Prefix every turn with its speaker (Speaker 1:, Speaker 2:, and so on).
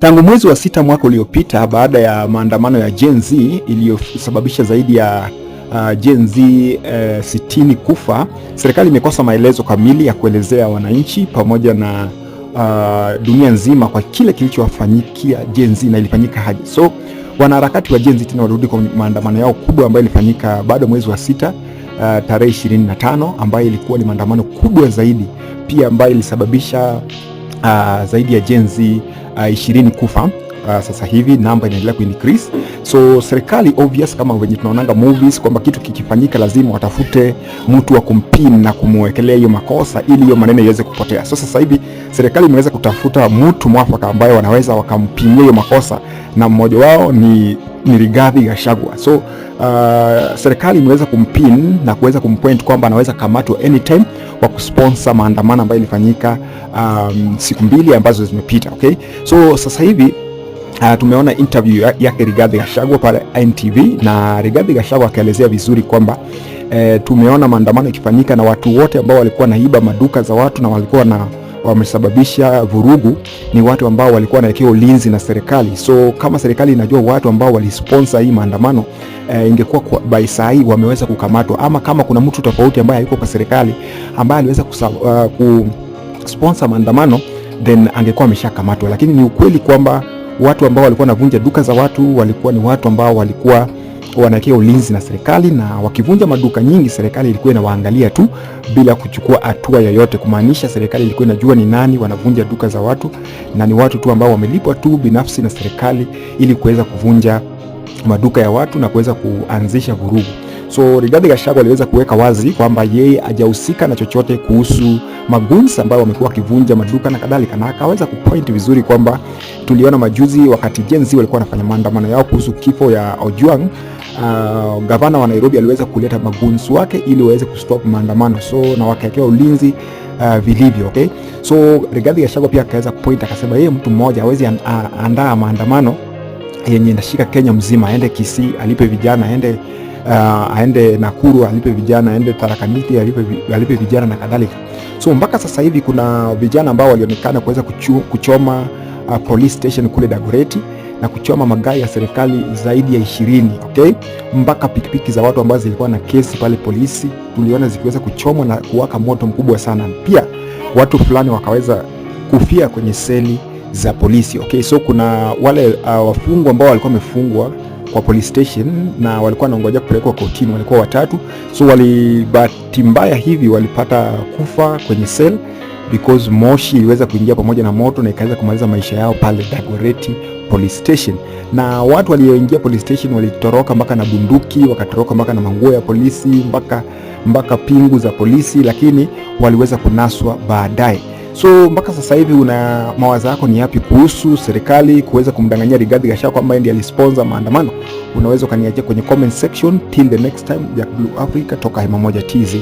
Speaker 1: Tangu mwezi wa sita mwaka uliopita, baada ya maandamano ya Gen Z iliyosababisha zaidi ya uh, Gen Z uh, sitini kufa, serikali imekosa maelezo kamili ya kuelezea wananchi pamoja na uh, dunia nzima kwa kile kilichowafanyikia Gen Z na ilifanyika haji So wanaharakati wa Gen Z tena walirudi kwa maandamano yao kubwa ambayo ilifanyika bado mwezi wa sita uh, tarehe 25 ambayo ilikuwa ni maandamano kubwa zaidi pia ambayo ilisababisha uh, zaidi ya jenzi uh, 20 kufa Uh, sasa hivi namba inaendelea ku increase, so serikali obvious, kama venye tunaonanga movies kwamba kitu kikifanyika lazima watafute mtu wa kumpin na kumwekelea hiyo makosa ili hiyo maneno iweze kupotea. So sasa hivi serikali imeweza kutafuta mtu mwafaka ambaye wanaweza wakampinia hiyo makosa, na mmoja wao ni ni Rigathi Gachagua. So uh, serikali imeweza kumpin na kuweza kumpoint kwamba anaweza kamatwa anytime kwa kusponsor maandamano ambayo ilifanyika um, siku mbili ambazo zimepita, okay? So sasa hivi Uh, tumeona interview yake Rigathi Gachagua pale NTV na Rigathi Gachagua akaelezea vizuri kwamba eh, tumeona maandamano ikifanyika na watu wote ambao walikuwa naiba maduka za watu na walikuwa na wamesababisha vurugu ni watu ambao walikuwa wanawekewa ulinzi na serikali. So kama serikali inajua watu ambao walisponsor hii maandamano e, ingekuwa by saa hii wameweza kukamatwa, ama kama kuna mtu tofauti ambaye yuko kwa serikali ambaye aliweza uh, kusponsor maandamano then angekuwa ameshakamatwa, lakini ni ukweli kwamba watu ambao walikuwa wanavunja duka za watu walikuwa ni watu ambao walikuwa wanaekea ulinzi na serikali, na wakivunja maduka nyingi, serikali ilikuwa inawaangalia tu bila kuchukua hatua yoyote, kumaanisha serikali ilikuwa inajua ni nani wanavunja duka za watu na ni watu tu ambao wamelipwa tu binafsi na serikali ili kuweza kuvunja maduka ya watu na kuweza kuanzisha vurugu. So Rigathi Gachagua aliweza kuweka wazi kwamba yeye hajahusika na chochote kuhusu magunzi ambayo wamekuwa wakivunja maduka na kadhalika, na akaweza kupoint vizuri kwamba tuliona majuzi wakati Gen Z walikuwa wanafanya maandamano yao kuhusu kifo ya Ojwang uh, gavana wa Nairobi aliweza kuleta magunsu wake ili waweze kustop maandamano, so na wakawekewa ulinzi uh, vilivyo okay. So Rigathi Gachagua pia akaweza point akasema yeye mtu mmoja hawezi andaa maandamano yenye inashika Kenya mzima, aende Kisii alipe vijana, aende uh, aende Nakuru alipe vijana, aende Tharaka Nithi alipe, alipe vijana na kadhalika. So mpaka sasa hivi kuna vijana ambao walionekana kuweza kuchoma uh, police station kule Dagoretti na kuchoma magari ya serikali zaidi ya ishirini okay? mpaka pikipiki za watu ambazo zilikuwa na kesi pale polisi tuliona zikiweza kuchomwa na kuwaka moto mkubwa sana. Pia watu fulani wakaweza kufia kwenye seli za polisi okay? So kuna wale uh, wafungwa ambao walikuwa wamefungwa kwa police station na walikuwa wanaongoja kupelekwa kotini, walikuwa watatu. So walibahati mbaya hivi walipata kufa kwenye seli because moshi iliweza kuingia pamoja na moto na ikaweza kumaliza maisha yao pale Dagoretti police station, na watu walioingia police station walitoroka mpaka na bunduki, wakatoroka mpaka na manguo ya polisi, mpaka mpaka pingu za polisi, lakini waliweza kunaswa baadaye. So mpaka sasa hivi una mawazo yako ni yapi kuhusu serikali kuweza kumdanganyia Rigathi Gachagua kwamba yeye ndiye alisponsor maandamano? Unaweza ukaniachia kwenye comment section. Till the next time, Jack Blue Africa toka Hema Moja TZ.